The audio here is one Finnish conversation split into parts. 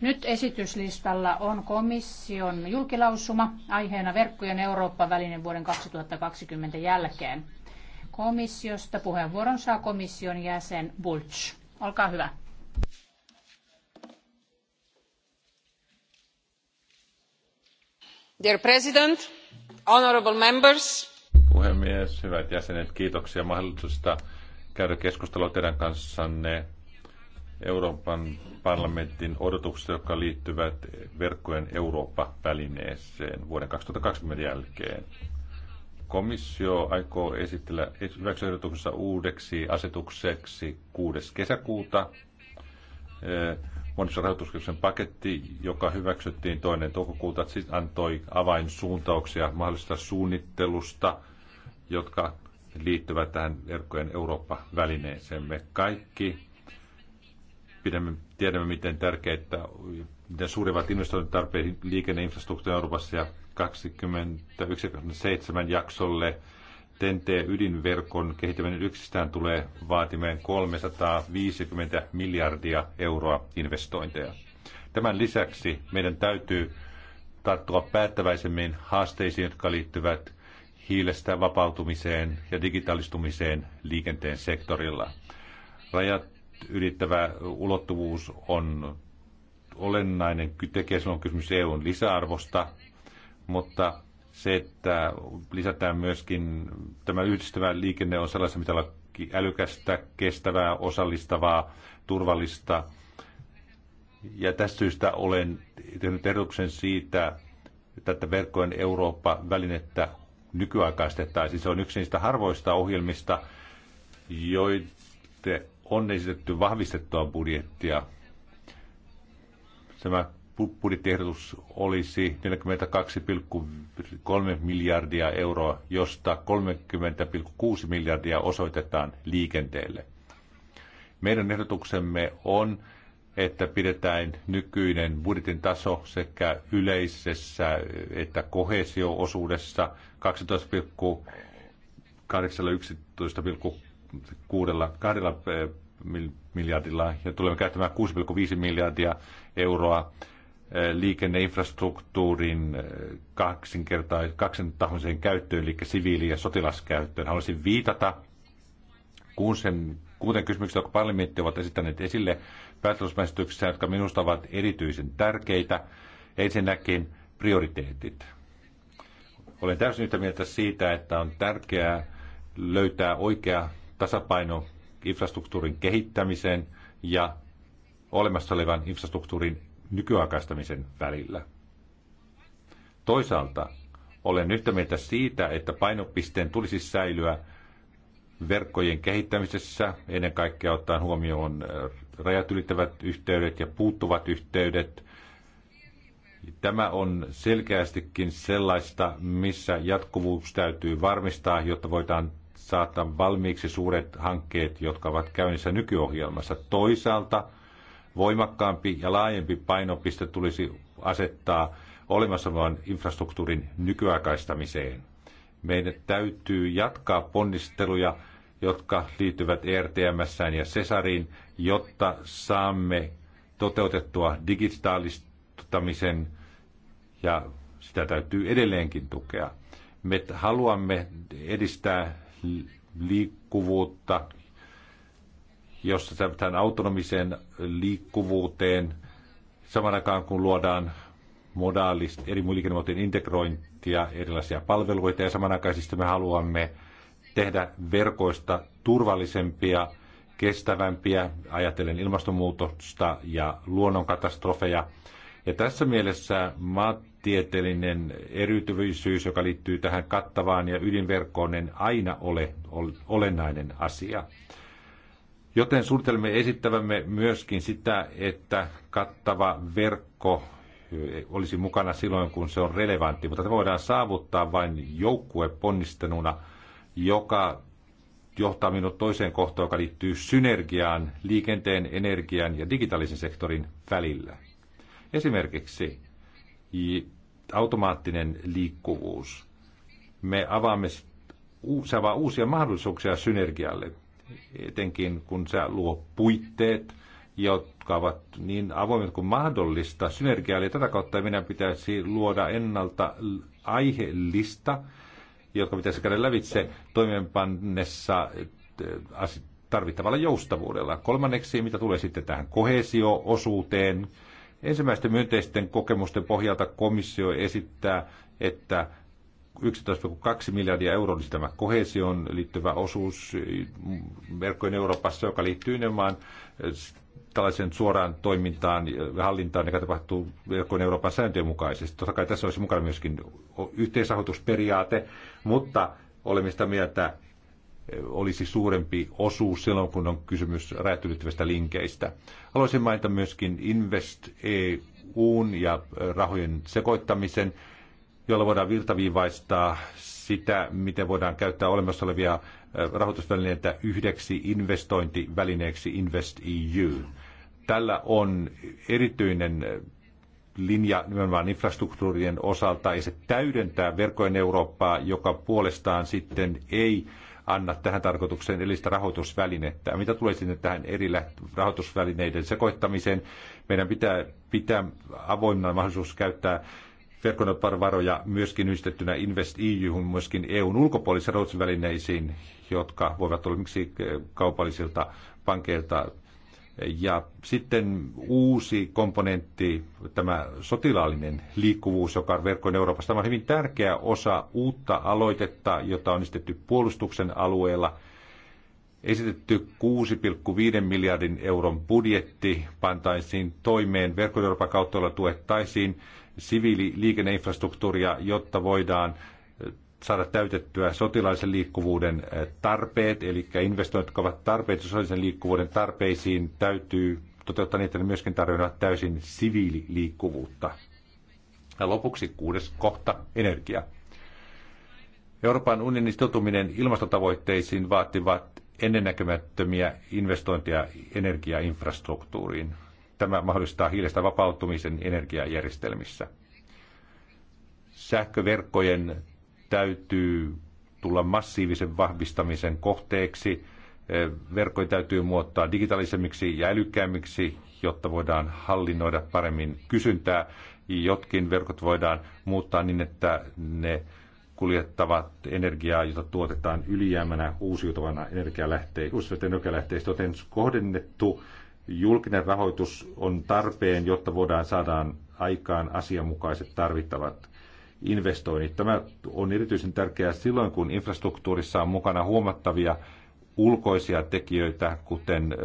Nyt esityslistalla on komission julkilausuma aiheena verkkojen Eurooppa-välinen vuoden 2020 jälkeen. Komissiosta puheenvuoron saa komission jäsen Bulch. Olkaa hyvä. Dear President, honorable members. Puhemies, hyvät jäsenet, kiitoksia mahdollisuudesta käydä keskustelua teidän kanssanne Euroopan parlamentin odotukset, jotka liittyvät verkkojen Eurooppa-välineeseen vuoden 2020 jälkeen. Komissio aikoo esitellä hyväksyehdotuksensa uudeksi asetukseksi 6. kesäkuuta eh, monissa rahoituskeskuksen paketti, joka hyväksyttiin toinen toukokuuta, siis antoi avainsuuntauksia mahdollisesta suunnittelusta, jotka liittyvät tähän verkkojen Eurooppa-välineeseemme. Kaikki Pidämme, tiedämme, miten tärkeitä, miten suurimmat investointitarpeet liikenneinfrastruktuurin Euroopassa ja 2027 jaksolle TNT-ydinverkon kehittäminen yksistään tulee vaatimeen 350 miljardia euroa investointeja. Tämän lisäksi meidän täytyy tarttua päättäväisemmin haasteisiin, jotka liittyvät hiilestä vapautumiseen ja digitalistumiseen liikenteen sektorilla. Rajat ylittävä ulottuvuus on olennainen tekijä, silloin on kysymys EUn lisäarvosta, mutta se, että lisätään myöskin tämä yhdistävä liikenne on sellaista, mitä olla älykästä, kestävää, osallistavaa, turvallista. Ja tästä syystä olen tehnyt ehdotuksen siitä, että verkkojen Eurooppa-välinettä nykyaikaistettaisiin. Se on yksi niistä harvoista ohjelmista, joiden on esitetty vahvistettua budjettia. Tämä budjettiehdotus olisi 42,3 miljardia euroa, josta 30,6 miljardia osoitetaan liikenteelle. Meidän ehdotuksemme on, että pidetään nykyinen budjetin taso sekä yleisessä että kohesio-osuudessa 12,8 11,6 kuudella, kahdella eh, miljardilla ja tulemme käyttämään 6,5 miljardia euroa eh, liikenneinfrastruktuurin eh, kaksintahoiseen käyttöön, eli siviili- ja sotilaskäyttöön. Haluaisin viitata kun sen, kuuteen kysymykseen, jotka parlamentti ovat esittäneet esille päätösmäistyksessä, jotka minusta ovat erityisen tärkeitä. Ensinnäkin prioriteetit. Olen täysin yhtä mieltä siitä, että on tärkeää löytää oikea tasapaino infrastruktuurin kehittämisen ja olemassa olevan infrastruktuurin nykyaikaistamisen välillä. Toisaalta olen yhtä mieltä siitä, että painopisteen tulisi säilyä verkkojen kehittämisessä, ennen kaikkea ottaen huomioon äh, rajat ylittävät yhteydet ja puuttuvat yhteydet. Tämä on selkeästikin sellaista, missä jatkuvuus täytyy varmistaa, jotta voidaan saattaa valmiiksi suuret hankkeet, jotka ovat käynnissä nykyohjelmassa. Toisaalta voimakkaampi ja laajempi painopiste tulisi asettaa olemassa olevan infrastruktuurin nykyaikaistamiseen. Meidän täytyy jatkaa ponnisteluja, jotka liittyvät ertms ja Cesariin, jotta saamme toteutettua digitaalistamisen ja sitä täytyy edelleenkin tukea. Me haluamme edistää liikkuvuutta, jossa tähän autonomiseen liikkuvuuteen, saman aikaan kun luodaan modaalista, eri liikennemuotojen integrointia, erilaisia palveluita, ja samanaikaisesti me haluamme tehdä verkoista turvallisempia, kestävämpiä, ajatellen ilmastonmuutosta ja luonnonkatastrofeja. Ja tässä mielessä maat, tieteellinen eriytyvyys, joka liittyy tähän kattavaan ja ydinverkkoon, en aina ole olennainen asia. Joten suunnittelemme esittävämme myöskin sitä, että kattava verkko e, olisi mukana silloin, kun se on relevantti, mutta se voidaan saavuttaa vain joukkueponnisteluna, joka johtaa minut toiseen kohtaan, joka liittyy synergiaan liikenteen, energian ja digitaalisen sektorin välillä. Esimerkiksi automaattinen liikkuvuus. Me avaamme, se avaa uusia mahdollisuuksia synergialle, etenkin kun se luo puitteet, jotka ovat niin avoimet kuin mahdollista synergialle. Tätä kautta meidän pitäisi luoda ennalta aiheellista, jotka pitäisi käydä lävitse toimeenpannessa äh, tarvittavalla joustavuudella. Kolmanneksi, mitä tulee sitten tähän kohesio-osuuteen, Ensimmäisten myönteisten kokemusten pohjalta komissio esittää, että 11,2 miljardia euroa olisi tämä kohesioon liittyvä osuus verkkojen Euroopassa, joka liittyy nimenomaan eh, tällaisen suoraan toimintaan ja hallintaan, joka tapahtuu verkkojen Euroopan sääntöjen mukaisesti. Totta kai tässä olisi mukana myöskin yhteisrahoitusperiaate, mutta olemme sitä mieltä, olisi suurempi osuus silloin, kun on kysymys räätylyttävistä linkeistä. Haluaisin mainita myöskin Invest EUn ja rahojen sekoittamisen, jolla voidaan virtaviivaistaa sitä, miten voidaan käyttää olemassa olevia rahoitusvälineitä yhdeksi investointivälineeksi Invest EU. Tällä on erityinen linja nimenomaan infrastruktuurien osalta ja se täydentää verkkojen Eurooppaa, joka puolestaan sitten ei anna tähän tarkoitukseen erillistä rahoitusvälinettä. Mitä tulee sinne tähän eri rahoitusvälineiden sekoittamiseen, meidän pitää pitää avoinna mahdollisuus käyttää verkonoparvaroja myöskin yhdistettynä Invest EU, myöskin EUn ulkopuolisiin rahoitusvälineisiin, jotka voivat olla miksi kaupallisilta pankeilta ja sitten uusi komponentti, tämä sotilaallinen liikkuvuus, joka on verkkojen Euroopassa, tämä on hyvin tärkeä osa uutta aloitetta, jota on esitetty puolustuksen alueella. Esitetty 6,5 miljardin euron budjetti pantaisiin toimeen verkkojen Euroopan kautta, jolla tuettaisiin siviililiikenneinfrastruktuuria, jotta voidaan saada täytettyä sotilaisen liikkuvuuden eh, tarpeet, eli investoinnit, jotka ovat tarpeet sotilaisen liikkuvuuden tarpeisiin, täytyy toteuttaa niitä, ne myöskin tarjoavat täysin siviililiikkuvuutta. Ja lopuksi kuudes kohta, energia. Euroopan unionin sitoutuminen ilmastotavoitteisiin vaativat ennennäkemättömiä investointeja energiainfrastruktuuriin. Tämä mahdollistaa hiilestä vapautumisen energiajärjestelmissä. Sähköverkkojen täytyy tulla massiivisen vahvistamisen kohteeksi. Eh, verkkoja täytyy muuttaa digitaalisemmiksi ja älykkäämmiksi, jotta voidaan hallinnoida paremmin kysyntää. Jotkin verkot voidaan muuttaa niin, että ne kuljettavat energiaa, jota tuotetaan ylijäämänä uusiutuvana energialähteistä, joten kohdennettu julkinen rahoitus on tarpeen, jotta voidaan saadaan aikaan asianmukaiset tarvittavat investoinnit. Tämä on erityisen tärkeää silloin, kun infrastruktuurissa on mukana huomattavia ulkoisia tekijöitä, kuten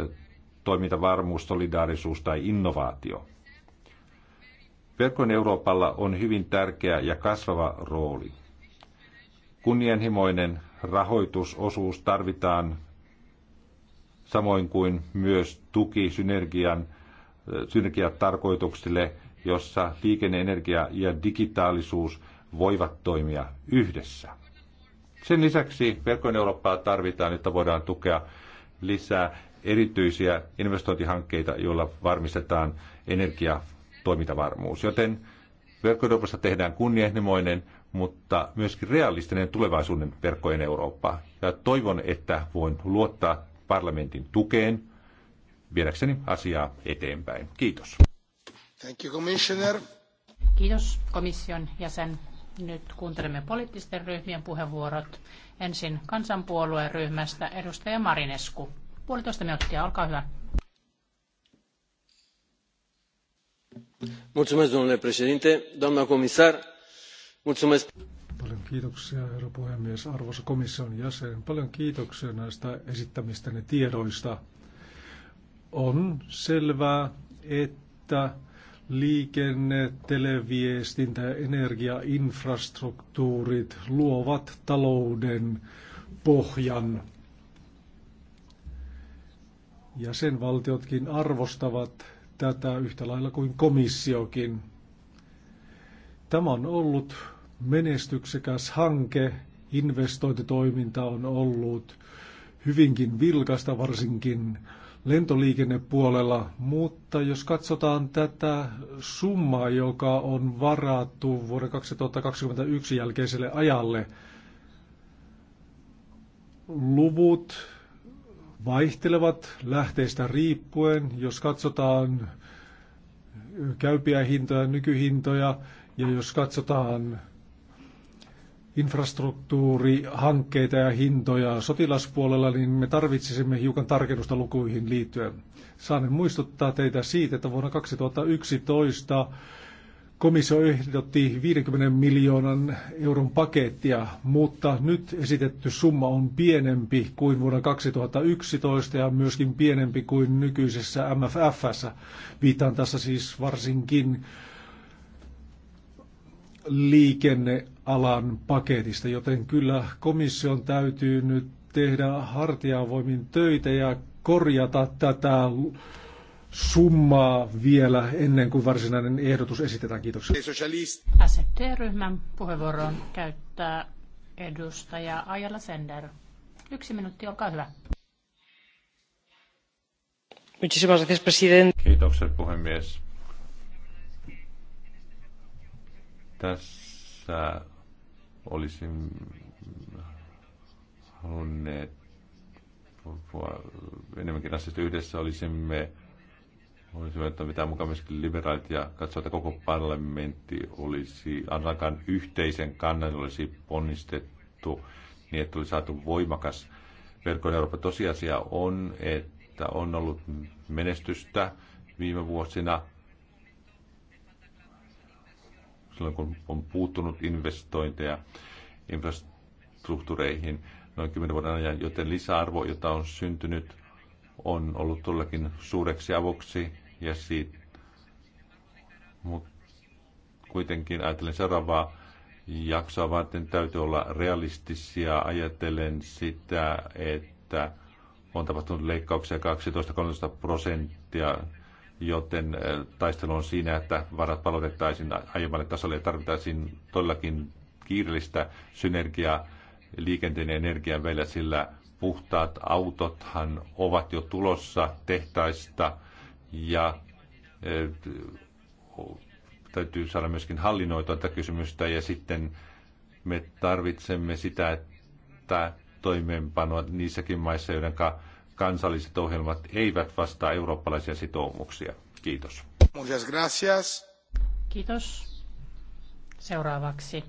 toimintavarmuus, solidaarisuus tai innovaatio. Verkon Euroopalla on hyvin tärkeä ja kasvava rooli. Kunnianhimoinen rahoitusosuus tarvitaan samoin kuin myös tuki synergian, synergiatarkoituksille – jossa liikenneenergia ja digitaalisuus voivat toimia yhdessä. Sen lisäksi verkkojen Eurooppaa tarvitaan, että voidaan tukea lisää erityisiä investointihankkeita, joilla varmistetaan energiatoimintavarmuus. Joten verkkojen Euroopassa tehdään kunnianhimoinen, mutta myöskin realistinen tulevaisuuden verkkojen Eurooppa. Ja toivon, että voin luottaa parlamentin tukeen viedäkseni asiaa eteenpäin. Kiitos. Thank you, Commissioner. Kiitos komission jäsen. Nyt kuuntelemme poliittisten ryhmien puheenvuorot. Ensin kansanpuolueen ryhmästä edustaja Marinesku. Puolitoista minuuttia, olkaa hyvä. Mulțumesc, domnule președinte, doamna comisar, mulțumesc. Paljon kiitoksia, herra puhemies, arvoisa komission jäsen. Paljon kiitoksia näistä esittämistäne tiedoista. On selvää, että Liikenne, televiestintä, energia, infrastruktuurit luovat talouden pohjan. Jäsenvaltiotkin arvostavat tätä yhtä lailla kuin komissiokin. Tämä on ollut menestyksekäs hanke. Investointitoiminta on ollut hyvinkin vilkasta, varsinkin lentoliikennepuolella, mutta jos katsotaan tätä summaa, joka on varattu vuoden 2021 jälkeiselle ajalle, luvut vaihtelevat lähteistä riippuen. Jos katsotaan käypiä hintoja, nykyhintoja ja jos katsotaan infrastruktuurihankkeita ja hintoja sotilaspuolella, niin me tarvitsisimme hiukan tarkennusta lukuihin liittyen. Saan muistuttaa teitä siitä, että vuonna 2011 komissio ehdotti 50 miljoonan euron pakettia, mutta nyt esitetty summa on pienempi kuin vuonna 2011 ja myöskin pienempi kuin nykyisessä MFFssä. Viitaan tässä siis varsinkin liikenne alan paketista, joten kyllä komission täytyy nyt tehdä hartiavoimin töitä ja korjata tätä summaa vielä ennen kuin varsinainen ehdotus esitetään. Kiitoksia. SFT-ryhmän puheenvuoron käyttää edustaja Ajala Sender. Yksi minuutti, olkaa hyvä. Kiitokset puhemies. Tässä olisin halunneet puhua enemmänkin asiasta yhdessä. Olisimme, olisimme että mitä mukaan myöskin liberaalit ja katsoa, että koko parlamentti olisi ainakaan yhteisen kannan olisi ponnistettu niin, että oli saatu voimakas verkon Eurooppa. Tosiasia on, että on ollut menestystä viime vuosina silloin kun on puuttunut investointeja infrastruktureihin noin 10 vuoden ajan, joten lisäarvo, jota on syntynyt, on ollut todellakin suureksi avuksi ja siitä, mutta kuitenkin ajatellen seuraavaa jaksoa varten täytyy olla realistisia ajatellen sitä, että on tapahtunut leikkauksia 12-13 prosenttia joten eh, taistelu on siinä, että varat palautettaisiin aiemmalle tasolle ja tarvittaisiin todellakin kiireellistä synergiaa liikenteen ja energian välillä, sillä puhtaat autothan ovat jo tulossa tehtaista ja eh, täytyy saada myöskin hallinnoitua tätä kysymystä ja sitten me tarvitsemme sitä, että toimeenpanoa niissäkin maissa, joiden kansalliset ohjelmat eivät vastaa eurooppalaisia sitoumuksia. Kiitos. Muchas gracias. Kiitos. Seuraavaksi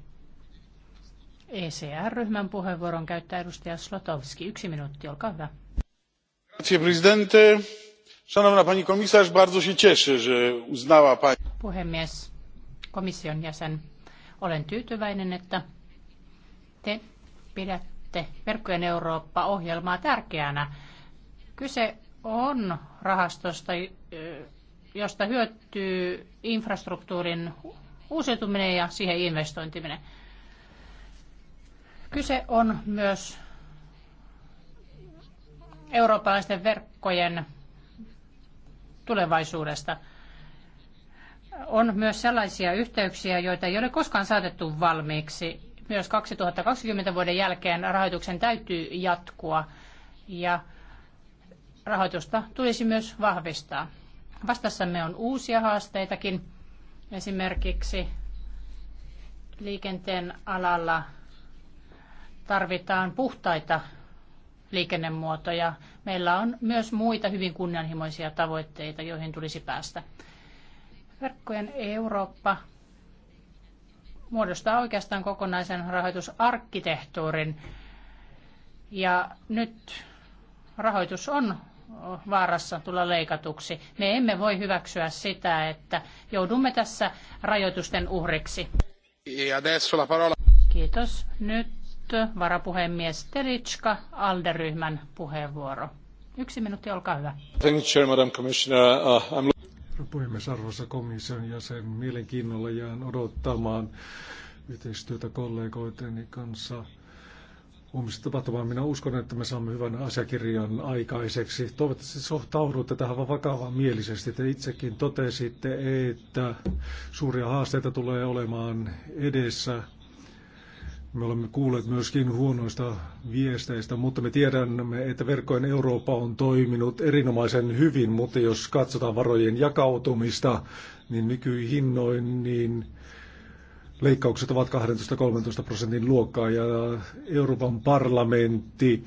ECR-ryhmän puheenvuoron käyttää edustaja Slotowski. Yksi minuutti, olkaa hyvä. Grazie, presidente. Szanowna pani komisarz, bardzo się cieszę, że uznała pani... Puhemies, komission jäsen, olen tyytyväinen, että te pidätte Verkkojen Eurooppa-ohjelmaa tärkeänä Kyse on rahastosta, josta hyötyy infrastruktuurin uusiutuminen ja siihen investointiminen. Kyse on myös eurooppalaisten verkkojen tulevaisuudesta. On myös sellaisia yhteyksiä, joita ei ole koskaan saatettu valmiiksi. Myös 2020 vuoden jälkeen rahoituksen täytyy jatkua. Ja rahoitusta tulisi myös vahvistaa. Vastassamme on uusia haasteitakin, esimerkiksi liikenteen alalla tarvitaan puhtaita liikennemuotoja. Meillä on myös muita hyvin kunnianhimoisia tavoitteita, joihin tulisi päästä. Verkkojen Eurooppa muodostaa oikeastaan kokonaisen rahoitusarkkitehtuurin. Ja nyt rahoitus on vaarassa tulla leikatuksi. Me emme voi hyväksyä sitä, että joudumme tässä rajoitusten uhriksi. E Kiitos. Nyt varapuhemies Teritska, Alderyhmän puheenvuoro. Yksi minuutti, olkaa hyvä. Thank you, Madam Commissioner. Uh, puhemies, arvoisa komission jäsen, mielenkiinnolla jään odottamaan yhteistyötä kollegoiteni kanssa huomista tapahtuvaa. Minä uskon, että me saamme hyvän asiakirjan aikaiseksi. Toivottavasti sohtaudutte tähän vakavaan mielisesti. Te itsekin totesitte, että suuria haasteita tulee olemaan edessä. Me olemme kuulleet myöskin huonoista viesteistä, mutta me tiedämme, että verkkojen Eurooppa on toiminut erinomaisen hyvin, mutta jos katsotaan varojen jakautumista, niin nykyhinnoin, niin Leikkaukset ovat 12-13 prosentin luokkaa ja Euroopan parlamentti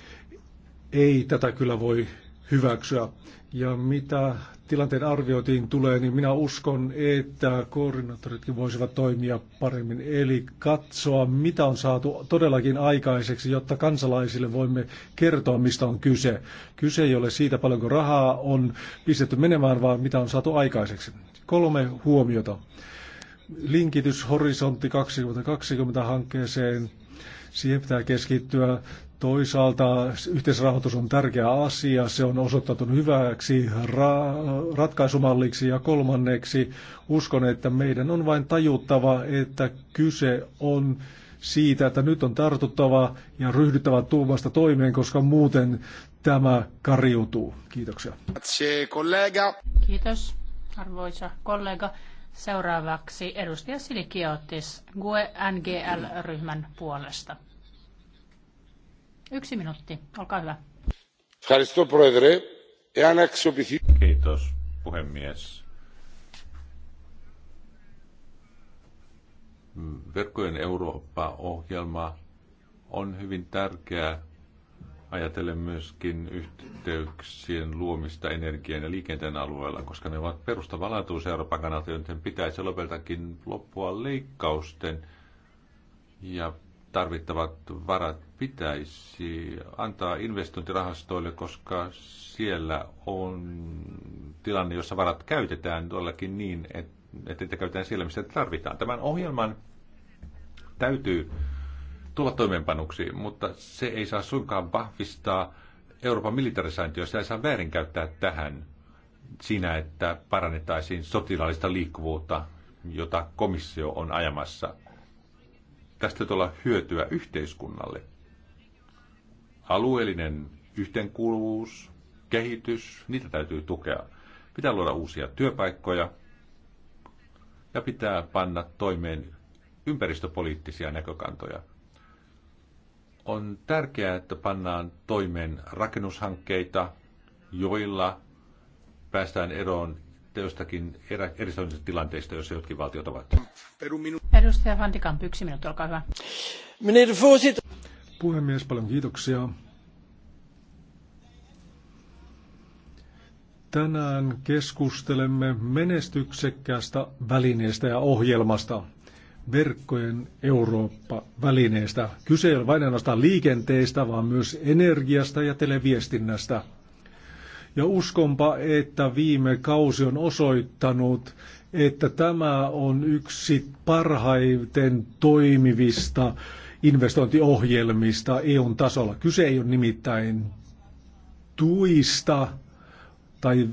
ei tätä kyllä voi hyväksyä. Ja mitä tilanteen arviointiin tulee, niin minä uskon, että koordinaattoritkin voisivat toimia paremmin. Eli katsoa, mitä on saatu todellakin aikaiseksi, jotta kansalaisille voimme kertoa, mistä on kyse. Kyse ei ole siitä, paljonko rahaa on pistetty menemään, vaan mitä on saatu aikaiseksi. Kolme huomiota linkitys Horisontti 2020 hankkeeseen. Siihen pitää keskittyä. Toisaalta yhteisrahoitus on tärkeä asia, se on osoittautunut hyväksi ra- ratkaisumalliksi ja kolmanneksi uskon, että meidän on vain tajuttava, että kyse on siitä, että nyt on tartuttava ja ryhdyttävä tuumasta toimeen, koska muuten tämä kariutuu. Kiitoksia. Kiitos, arvoisa kollega. Seuraavaksi edustaja Silikiotis GUE NGL-ryhmän puolesta. Yksi minuutti, olkaa hyvä. Kiitos, puhemies. Verkkojen Eurooppa-ohjelma on hyvin tärkeä ajatellen myöskin yhteyksien luomista energian ja liikenteen alueella, koska ne ovat perustavanlaatuisia Euroopan kannalta, joten pitäisi lopeltakin loppua leikkausten ja tarvittavat varat pitäisi antaa investointirahastoille, koska siellä on tilanne, jossa varat käytetään todellakin niin, että niitä käytetään siellä, missä tarvitaan. Tämän ohjelman täytyy tulla toimeenpanuksi, mutta se ei saa suinkaan vahvistaa Euroopan militarisaintia, jos ei saa väärinkäyttää tähän siinä, että parannettaisiin sotilaallista liikkuvuutta, jota komissio on ajamassa. Tästä tulla hyötyä yhteiskunnalle. Alueellinen yhteenkuuluvuus, kehitys, niitä täytyy tukea. Pitää luoda uusia työpaikkoja ja pitää panna toimeen ympäristöpoliittisia näkökantoja. On tärkeää, että pannaan toimeen rakennushankkeita, joilla päästään eroon jostakin eri tilanteista, joissa jotkin valtiot ovat. Edustaja Van yksi minuutti, olkaa hyvä. Puhemies, paljon kiitoksia. Tänään keskustelemme menestyksekkäästä välineestä ja ohjelmasta verkkojen Eurooppa-välineestä. Kyse ei ole vain ainoastaan liikenteestä, vaan myös energiasta ja televiestinnästä. Ja uskonpa, että viime kausi on osoittanut, että tämä on yksi parhaiten toimivista investointiohjelmista EUn tasolla. Kyse ei ole nimittäin tuista tai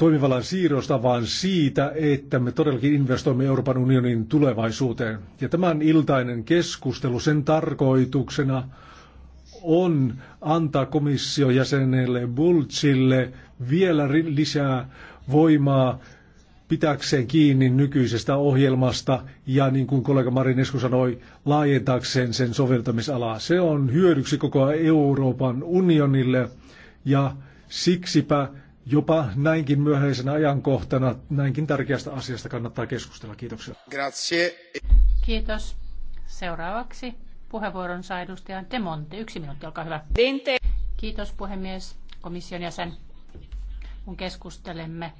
toimivallan siirrosta, vaan siitä, että me todellakin investoimme Euroopan unionin tulevaisuuteen. Ja tämän iltainen keskustelu, sen tarkoituksena on antaa komissiojäsenelle Bulcille vielä lisää voimaa pitäkseen kiinni nykyisestä ohjelmasta ja niin kuin kollega Marin Esku sanoi, laajentaakseen sen soveltamisalaa. Se on hyödyksi koko Euroopan unionille ja siksipä jopa näinkin myöhäisenä ajankohtana näinkin tärkeästä asiasta kannattaa keskustella. Kiitoksia. Grazie. Kiitos. Seuraavaksi puheenvuoron saa edustaja Demonte. Yksi minuutti, olkaa hyvä. Dente. Kiitos puhemies, komission jäsen. Kun keskustelemme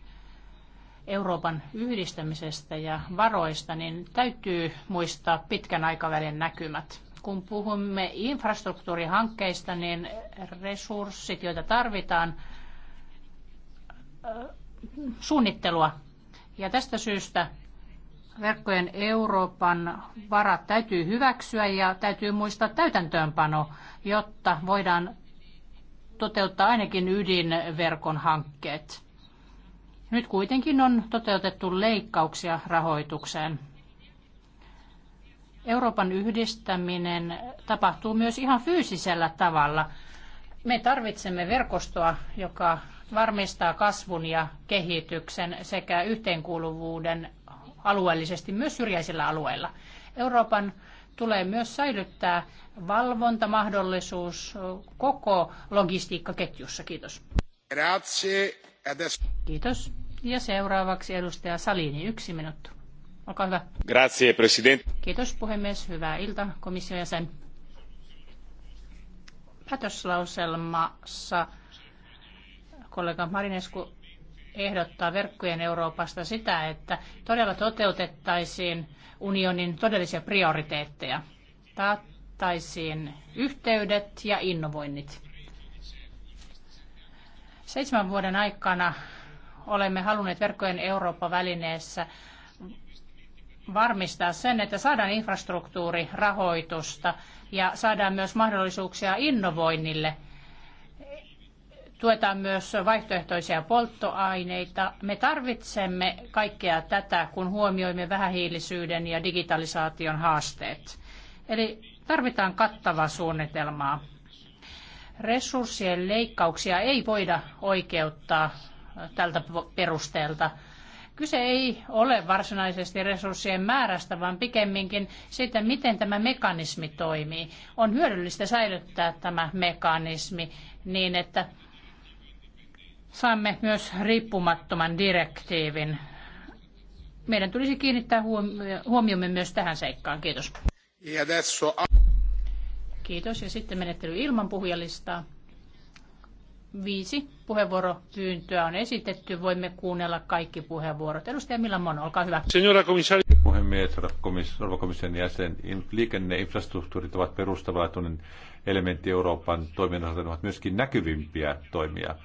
Euroopan yhdistämisestä ja varoista, niin täytyy muistaa pitkän aikavälin näkymät. Kun puhumme infrastruktuurihankkeista, niin resurssit, joita tarvitaan, suunnittelua. Ja tästä syystä verkkojen Euroopan varat täytyy hyväksyä ja täytyy muistaa täytäntöönpano, jotta voidaan toteuttaa ainakin ydinverkon hankkeet. Nyt kuitenkin on toteutettu leikkauksia rahoitukseen. Euroopan yhdistäminen tapahtuu myös ihan fyysisellä tavalla. Me tarvitsemme verkostoa, joka varmistaa kasvun ja kehityksen sekä yhteenkuuluvuuden alueellisesti myös syrjäisillä alueilla. Euroopan tulee myös säilyttää valvontamahdollisuus koko logistiikkaketjussa. Kiitos. Kiitos. Ja seuraavaksi edustaja Salini, yksi minuutti. Olkaa hyvä. Grazie, president. Kiitos puhemies. Hyvää iltaa komission jäsen. Päätöslauselmassa kollega Marinesku ehdottaa verkkojen Euroopasta sitä, että todella toteutettaisiin unionin todellisia prioriteetteja. Taattaisiin yhteydet ja innovoinnit. Seitsemän vuoden aikana olemme halunneet verkkojen Eurooppa-välineessä varmistaa sen, että saadaan infrastruktuurirahoitusta ja saadaan myös mahdollisuuksia innovoinnille – tuetaan myös vaihtoehtoisia polttoaineita. Me tarvitsemme kaikkea tätä, kun huomioimme vähähiilisyyden ja digitalisaation haasteet. Eli tarvitaan kattavaa suunnitelmaa. Resurssien leikkauksia ei voida oikeuttaa tältä perusteelta. Kyse ei ole varsinaisesti resurssien määrästä, vaan pikemminkin siitä, miten tämä mekanismi toimii. On hyödyllistä säilyttää tämä mekanismi niin, että saamme myös riippumattoman direktiivin. Meidän tulisi kiinnittää huomiomme myös tähän seikkaan. Kiitos. Kiitos. Ja sitten menettely ilman puhujalistaa. Viisi puheenvuoropyyntöä on esitetty. Voimme kuunnella kaikki puheenvuorot. Edustaja Millamon, olkaa hyvä. Signora komissari. Puhemies, arvokomission komis jäsen. Liikenneinfrastruktuurit ovat perustavanlaatuinen elementti Euroopan toiminnassa, ovat myöskin näkyvimpiä toimia.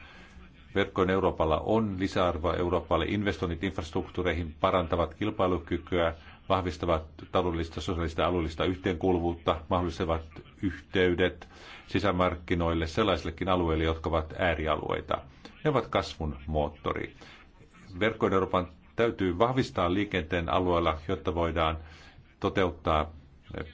Verkkojen Euroopalla on lisäarvoa Euroopalle. Investoinnit infrastruktuureihin parantavat kilpailukykyä, vahvistavat taloudellista, sosiaalista ja alueellista yhteenkuuluvuutta, mahdollistavat yhteydet sisämarkkinoille sellaisillekin alueille, jotka ovat äärialueita. Ne ovat kasvun moottori. Verkkojen Euroopan täytyy vahvistaa liikenteen alueella, jotta voidaan toteuttaa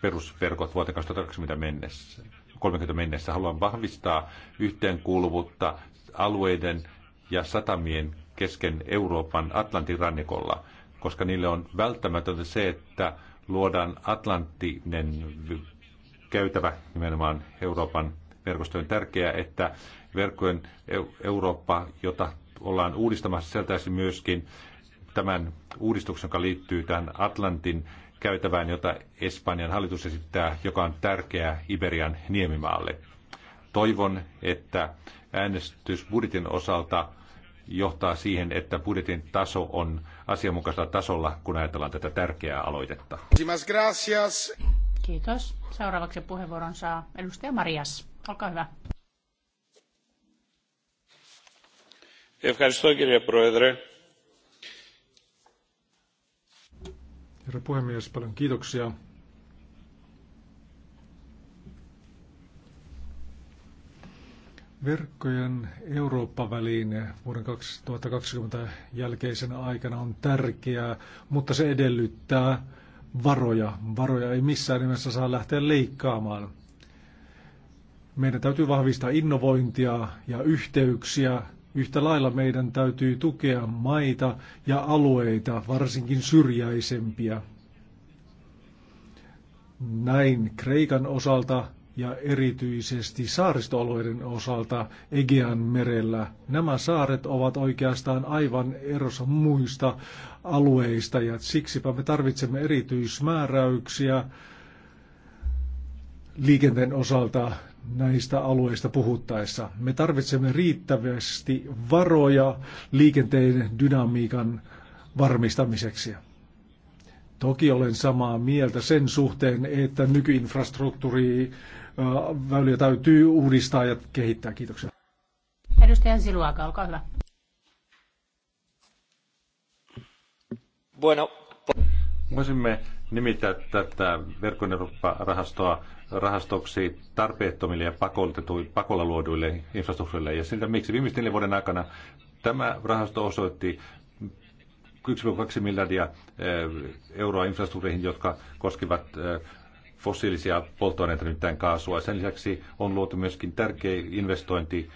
perusverkot vuoteen 2030 mennessä. 30 mennessä. Haluan vahvistaa yhteenkuuluvuutta alueiden ja satamien kesken Euroopan Atlantin rannikolla, koska niille on välttämätöntä se, että luodaan Atlanttinen käytävä nimenomaan Euroopan verkostojen tärkeää, että verkkojen Eurooppa, jota ollaan uudistamassa, sieltäisi myöskin tämän uudistuksen, joka liittyy tähän Atlantin käytävään, jota Espanjan hallitus esittää, joka on tärkeää Iberian niemimaalle. Toivon, että äänestys budjetin osalta johtaa siihen, että budjetin taso on asianmukaisella tasolla, kun ajatellaan tätä tärkeää aloitetta. Kiitos. Seuraavaksi puheenvuoron saa edustaja Marias. Olkaa hyvä. Herra puhemies, paljon kiitoksia. Verkkojen Eurooppa-väline vuoden 2020 jälkeisenä aikana on tärkeää, mutta se edellyttää varoja. Varoja ei missään nimessä saa lähteä leikkaamaan. Meidän täytyy vahvistaa innovointia ja yhteyksiä. Yhtä lailla meidän täytyy tukea maita ja alueita, varsinkin syrjäisempiä. Näin Kreikan osalta ja erityisesti saaristoalueiden osalta Egean merellä. Nämä saaret ovat oikeastaan aivan erossa muista alueista ja siksipä me tarvitsemme erityismääräyksiä liikenteen osalta näistä alueista puhuttaessa. Me tarvitsemme riittävästi varoja liikenteen dynamiikan varmistamiseksi. Toki olen samaa mieltä sen suhteen, että nykyinfrastruktuuri väyliä täytyy uudistaa ja kehittää. Kiitoksia. Edustaja Siluaka, olkaa hyvä. Bueno. Voisimme nimittää tätä verkon rahastoa rahastoksi tarpeettomille ja pakolla luoduille infrastruktuurille. Ja siltä miksi viimeisten neljän vuoden aikana tämä rahasto osoitti 1,2 miljardia euroa infrastruktuureihin, jotka koskivat fossiilisia polttoaineita, nimittäin kaasua. Sen lisäksi on luotu myöskin tärkeä investointi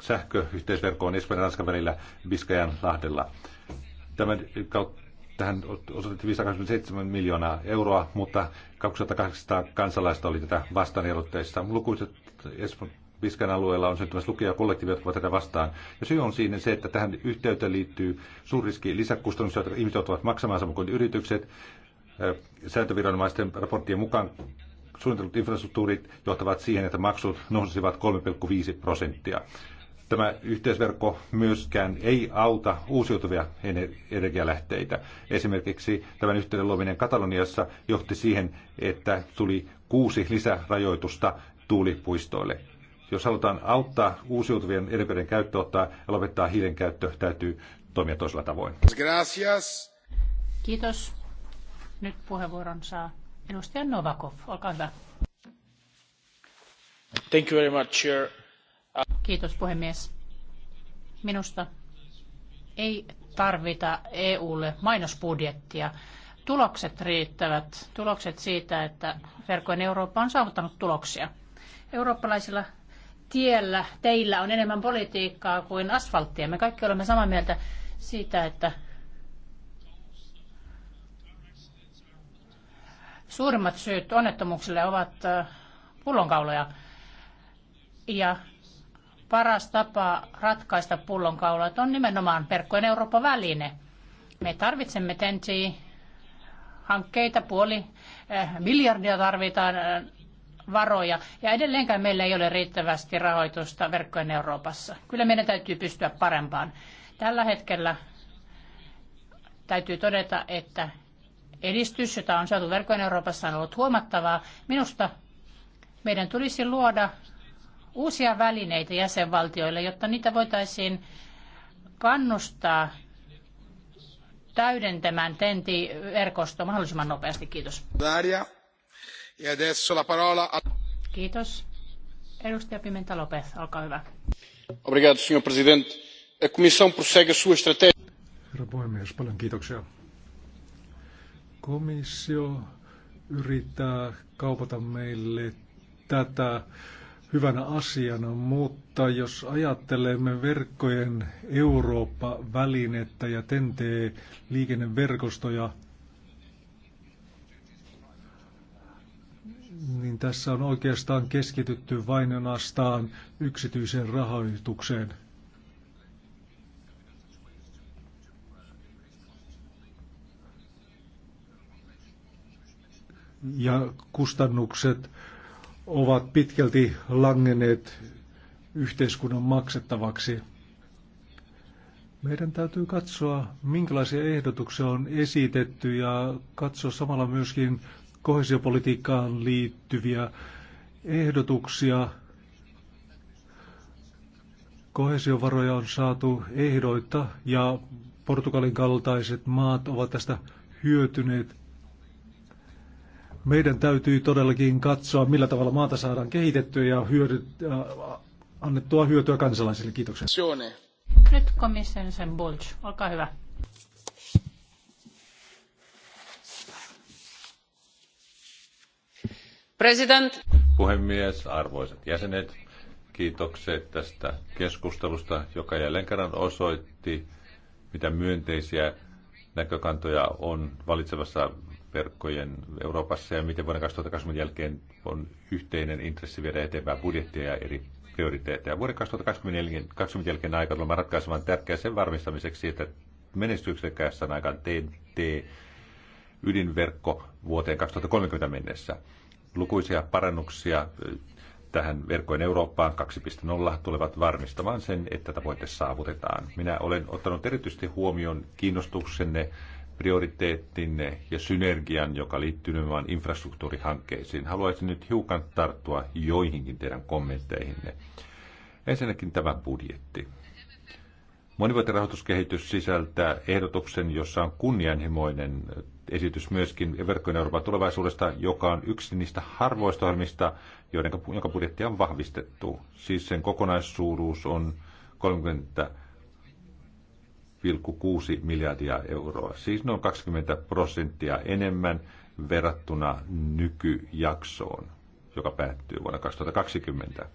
sähköyhteisverkkoon Espanjan ja Ranskan välillä Biskajan lahdella. Tämän kautta tähän osoitettiin 527 miljoonaa euroa, mutta 2800 kansalaista oli tätä vastaan erotteissa. Lukuiset Viskan alueella on syntymässä lukija ja kollektiivi, jotka ovat tätä vastaan. Ja syy on siinä se, että tähän yhteyteen liittyy suuri riski lisäkustannuksia, jotka ihmiset ovat maksamaan samoin kuin yritykset sääntöviranomaisten raporttien mukaan suunnitellut infrastruktuurit johtavat siihen, että maksut nousisivat 3,5 prosenttia. Tämä yhteisverkko myöskään ei auta uusiutuvia energialähteitä. Esimerkiksi tämän yhteyden luominen Kataloniassa johti siihen, että tuli kuusi lisärajoitusta tuulipuistoille. Jos halutaan auttaa uusiutuvien energioiden käyttöottaa ja lopettaa hiilen käyttö, täytyy toimia toisella tavoin. Gracias. Kiitos. Nyt puheenvuoron saa edustaja Novakov. Olkaa hyvä. Thank you very much, Chair. Kiitos puhemies. Minusta ei tarvita EUlle mainosbudjettia. Tulokset riittävät. Tulokset siitä, että verkkojen Eurooppa on saavuttanut tuloksia. Eurooppalaisilla tiellä, teillä on enemmän politiikkaa kuin asfalttia. Me kaikki olemme samaa mieltä siitä, että Suurimmat syyt onnettomuuksille ovat pullonkauloja. Ja paras tapa ratkaista pullonkaulat on nimenomaan verkkojen Euroopan väline. Me tarvitsemme tensi hankkeita, puoli miljardia tarvitaan varoja ja edelleenkään meillä ei ole riittävästi rahoitusta verkkojen Euroopassa. Kyllä meidän täytyy pystyä parempaan. Tällä hetkellä täytyy todeta, että edistys, jota on saatu verkkojen Euroopassa, on ollut huomattavaa. Minusta meidän tulisi luoda uusia välineitä jäsenvaltioille, jotta niitä voitaisiin kannustaa täydentämään TENTI-verkosto mahdollisimman nopeasti. Kiitos. Kiitos. Edustaja Pimenta Lopez, olkaa hyvä. Obrigado, senhor presidente. A comissão prossegue a sua estratégia. Herra puhemies, paljon kiitoksia. Komissio yrittää kaupata meille tätä hyvänä asiana, mutta jos ajattelemme verkkojen Eurooppa-välinettä ja tentee liikenneverkostoja, niin tässä on oikeastaan keskitytty vain yksityiseen rahoitukseen. ja kustannukset ovat pitkälti langeneet yhteiskunnan maksettavaksi. Meidän täytyy katsoa, minkälaisia ehdotuksia on esitetty ja katsoa samalla myöskin kohesiopolitiikkaan liittyviä ehdotuksia. Kohesiovaroja on saatu ehdoitta ja Portugalin kaltaiset maat ovat tästä hyötyneet. Meidän täytyy todellakin katsoa, millä tavalla maata saadaan kehitettyä ja hyödy, äh, annettua hyötyä kansalaisille. Kiitoksia. Nyt komission sen Bulge. Olkaa hyvä. President. Puhemies, arvoisat jäsenet, kiitokset tästä keskustelusta, joka jälleen kerran osoitti, mitä myönteisiä näkökantoja on valitsevassa verkkojen Euroopassa ja miten vuoden 2020 jälkeen on yhteinen intressi viedä eteenpäin budjettia ja eri prioriteetteja. Vuoden 2020 jälkeen aika on ratkaisemaan tärkeä sen varmistamiseksi, että menestyksekkäässä aikaan TNT ydinverkko vuoteen 2030 mennessä. Lukuisia parannuksia eh, tähän verkkojen Eurooppaan 2.0 tulevat varmistamaan sen, että tavoite saavutetaan. Minä olen ottanut erityisesti huomioon kiinnostuksenne prioriteettinne ja synergian, joka liittyy nimenomaan infrastruktuurihankkeisiin. Haluaisin nyt hiukan tarttua joihinkin teidän kommentteihinne. Ensinnäkin tämä budjetti. Monivuotinen rahoituskehitys sisältää ehdotuksen, jossa on kunnianhimoinen esitys myöskin verkkojen Euroopan tulevaisuudesta, joka on yksi niistä harvoista ohjelmista, joiden, jonka budjettia on vahvistettu. Siis sen kokonaissuuruus on 30 miljardia euroa, siis noin 20 prosenttia enemmän verrattuna nykyjaksoon, joka päättyy vuonna 2020.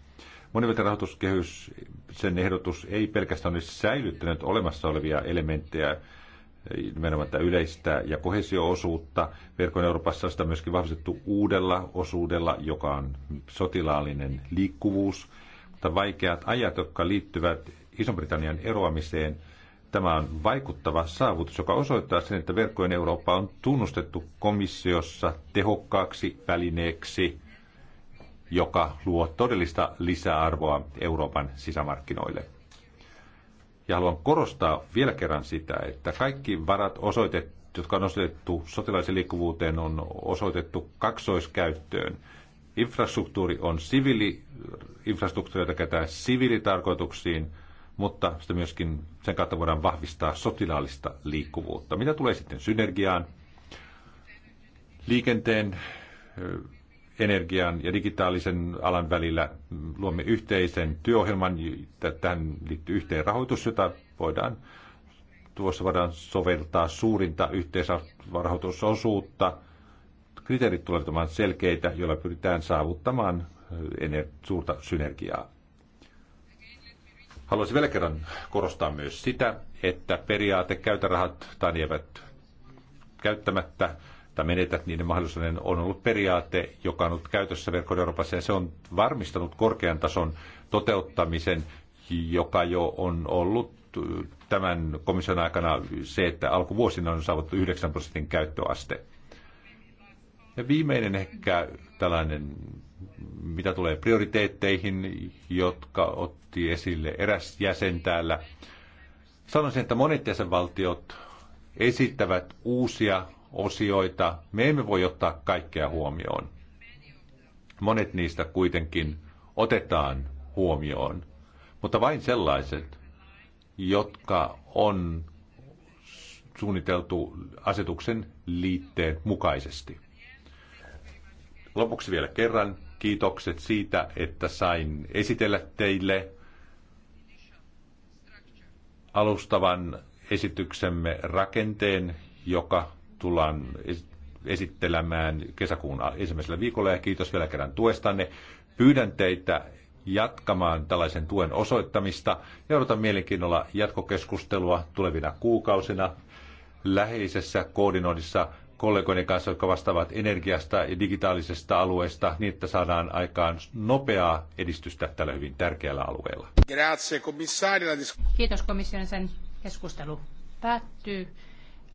Monivuotinen rahoituskehys, sen ehdotus ei pelkästään ole säilyttänyt olemassa olevia elementtejä, nimenomaan tätä yleistä ja kohesioosuutta. Verkon Euroopassa sitä myöskin vahvistettu uudella osuudella, joka on sotilaallinen liikkuvuus. Mutta vaikeat ajat, jotka liittyvät Iso-Britannian eroamiseen, Tämä on vaikuttava saavutus, joka osoittaa sen, että verkkojen Eurooppa on tunnustettu komissiossa tehokkaaksi välineeksi, joka luo todellista lisäarvoa Euroopan sisämarkkinoille. Ja haluan korostaa vielä kerran sitä, että kaikki varat osoitettu, jotka on osoitettu sotilaisen liikkuvuuteen, on osoitettu kaksoiskäyttöön. Infrastruktuuri on siviili, infrastruktuuri, jota käytetään siviilitarkoituksiin – mutta sitä myöskin sen kautta voidaan vahvistaa sotilaallista liikkuvuutta. Mitä tulee sitten synergiaan, liikenteen, energian ja digitaalisen alan välillä mm, luomme yhteisen työohjelman, tähän liittyy yhteen rahoitus, jota voidaan tuossa voidaan soveltaa suurinta yhteisrahoitusosuutta. Kriteerit tulevat olemaan selkeitä, joilla pyritään saavuttamaan suurta synergiaa. Haluaisin vielä kerran korostaa myös sitä, että periaate käytä rahat tai jäävät käyttämättä tai menetät niiden mahdollisuuden on ollut periaate, joka on ollut käytössä verkkojen Euroopassa ja se on varmistanut korkean tason toteuttamisen, joka jo on ollut tämän komission aikana se, että alkuvuosina on saavuttu 9 prosentin käyttöaste. Ja viimeinen ehkä tällainen mitä tulee prioriteetteihin, jotka otti esille eräs jäsen täällä. Sanoisin, että monet jäsenvaltiot esittävät uusia osioita. Me emme voi ottaa kaikkea huomioon. Monet niistä kuitenkin otetaan huomioon, mutta vain sellaiset, jotka on suunniteltu asetuksen liitteen mukaisesti. Lopuksi vielä kerran Kiitokset siitä, että sain esitellä teille alustavan esityksemme rakenteen, joka tullaan esittelemään kesäkuun ensimmäisellä viikolla. Ja kiitos vielä kerran tuestanne. Pyydän teitä jatkamaan tällaisen tuen osoittamista ja odotan mielenkiinnolla jatkokeskustelua tulevina kuukausina läheisessä koordinoidissa kollegoiden kanssa, jotka vastaavat energiasta ja digitaalisesta alueesta, niin että saadaan aikaan nopeaa edistystä tällä hyvin tärkeällä alueella. Kiitos komission sen keskustelu päättyy.